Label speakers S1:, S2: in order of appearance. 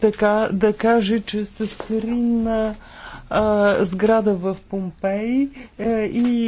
S1: така да каже, че се срина а, сграда в Помпей а, е, и